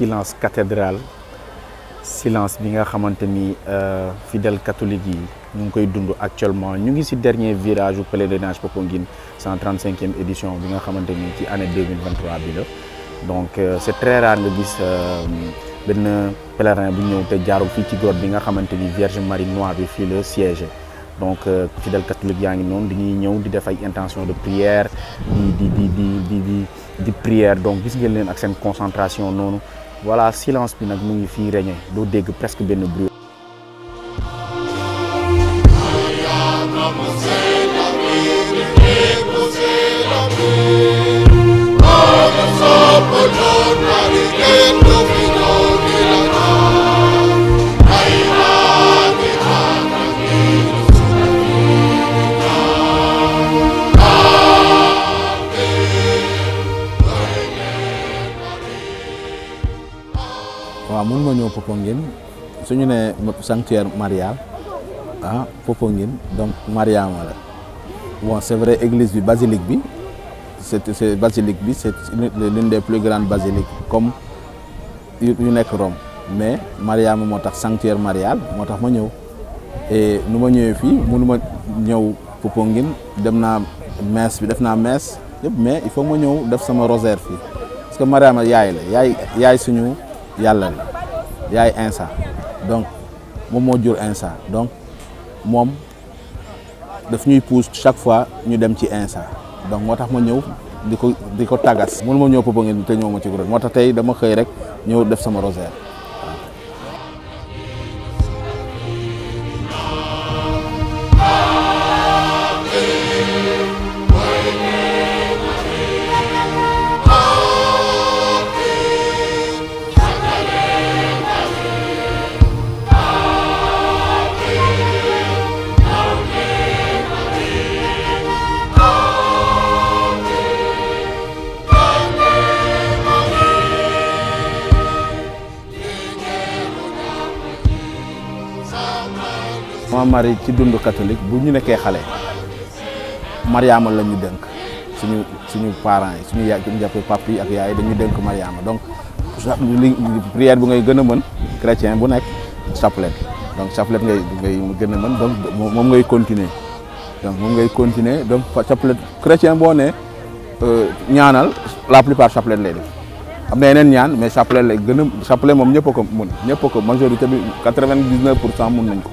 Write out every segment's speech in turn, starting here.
silence cathédrale silence bi nga xamanteni euh, fidèle catholique, catholiques yi ñu ngi koy dund actuellement ñu ngi ci dernier virage u pèlerinage Popenguine 135e édition bi nga xamanteni ci année 2023 bi la donc euh, c'est très rare nga gis de euh, pèlerin bu ñëw té jaarul fi ci grotte bi nga xamanteni Vierge Marie Noire bi fi le siège donc fidèle catholique yaa ngi noonu ñuy ñëw di def ay intention de prière di di di di di di prière donc gis ngeen leen ak seen concentration noonu voilà silence bi nak mu ngi deg régné do dégg presque bruit. Popongin, suñu sanctuaire marial, ah donc c'est vrai église bi basilique bi c'est basilique bi c'est l'une des plus grandes basiliques comme yu Rome mais Mariama sanctuaire marial Nous ma et nous messe mais il faut que je rosaire parce que Mariama yaay la yaay yaay Insa donc moom moo jur Insa donc moom daf ñuy pousse chaque fois ñu dem ci Insa donc moo tax ma ñëw di ko di ko tàggat. mënu ma ñëw Popenguine te ñëw ma ci Gourel moo tax tey dama xëy rek ñëw def sama rosaire. sama mari ci dund catholique bu ñu nekkee xale mariama la ñu dënk suñu suñu parents yi suñu yaay suñu jàppe pap yi ak yaay dañu dënk mariama donc li prière bu ngay gën a mën chrétien bu nekk chapelet donc chapelet ngay ngay gën a mën donc moom ngay continuer donc moom ngay continuer donc chapelet chrétien boo ne euh, ñaanal la plupart chapelet lay def am na yeneen ñaan mais chapelet lay gën a chapelet moom ñëpp a ko mën ñëpp a ko majorité bi quatre-vingt-dix-neuf pour cent mën nañ ko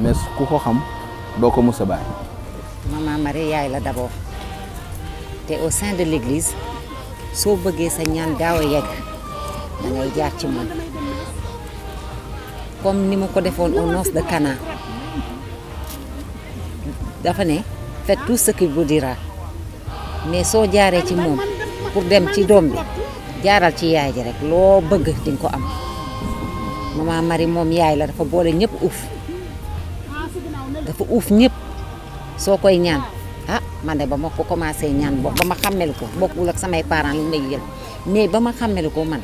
mais ku ko xam doo ko mës a bàyyi. maman Marie yaay la d'abord te au sein de l'église soo bëggee sa ñaan gaaw a yegg da jaar ci moom comme ni mu ko defoon aux noces de Cana dafa ne faites tout ce qu'il vous dira mais soo jaaree ci moom pour dem ci doom bi jaaral ci yaay ji rek loo bëgg di ko am maman mari moom yaay la dafa boole ñëpp uuf. dafa uuf ñëpp soo koy ñaan ah man de ba ma ko commencé ñaan bokk ba ma xàmmelu ko bokkul ak samay parent li may jël mais ba ma xàmmelu ko man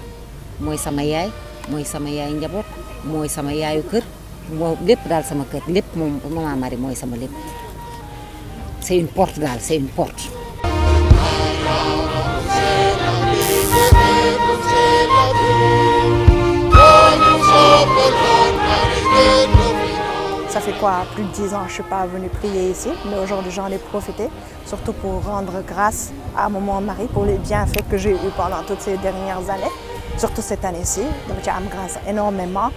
mooy sama yaay mooy sama yaay njaboot mooy sama yaayu kër moo lépp daal sama kër lépp moom maman Marie mooy sama lépp c'est une porte daal c'est une ça fait quoi, plus de 10 ans, je ne suis pas venue prier ici, mais aujourd'hui j'en ai profité, surtout pour rendre grâce à mon mari pour les bienfaits que j'ai eu pendant toutes ces dernières années, surtout cette année-ci. Donc me grâce énormément.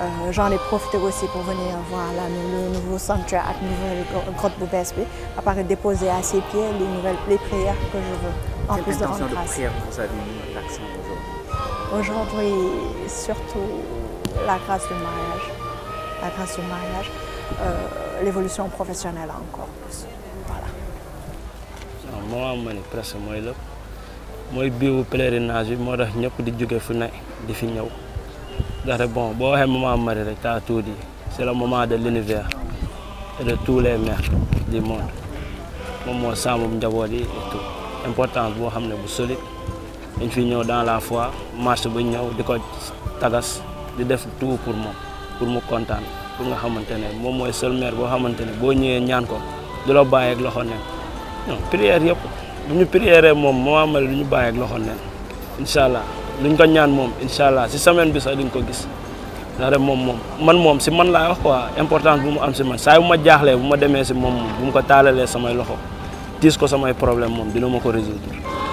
Euh, j'en ai profité aussi pour venir voir le nouveau sanctuaire à nouvelle grotte Boubès à part déposer à ses pieds les nouvelles prières que je veux. En plus de rendre grâce. vous avez l'accent aujourd'hui Aujourd'hui, surtout la grâce du mariage après son mariage, euh, l'évolution professionnelle encore plus. Voilà. moo am ma ni presque mooy lépp mooy biiwu pèlerinage bi moo tax ñëpp di jóge fu ne di fi ñëw ndaxte bon boo waxee moment Marie rek taa tout dit c'est le moment de l'univers et de tous les mères du monde moom moo sàmm njaboot yi et tout important. boo xam ne bu solide dañ fi ñëw dans la foi marche ba ñëw di tagas di def tout pour moi. pour mu kontaan pour nga xamante ne moom mooy seul boo xamante ne boo ñëwee ñaan ko du la bàyyi ak loxo neen prière yëpp bu ñu prière moom moo amal du ñu bàyyi loxo neen incha allah luñ ko ñaan moom incha allah si semaine bi sax duñ ko gis ndax moom moom man moom si man laa wax quoi importance bu mu am si man saa yu ma jaaxlee bu ma demee si moom moom bu mu ko taalalee samay loxo tiis ko samay problème moom dina ma ko résoudre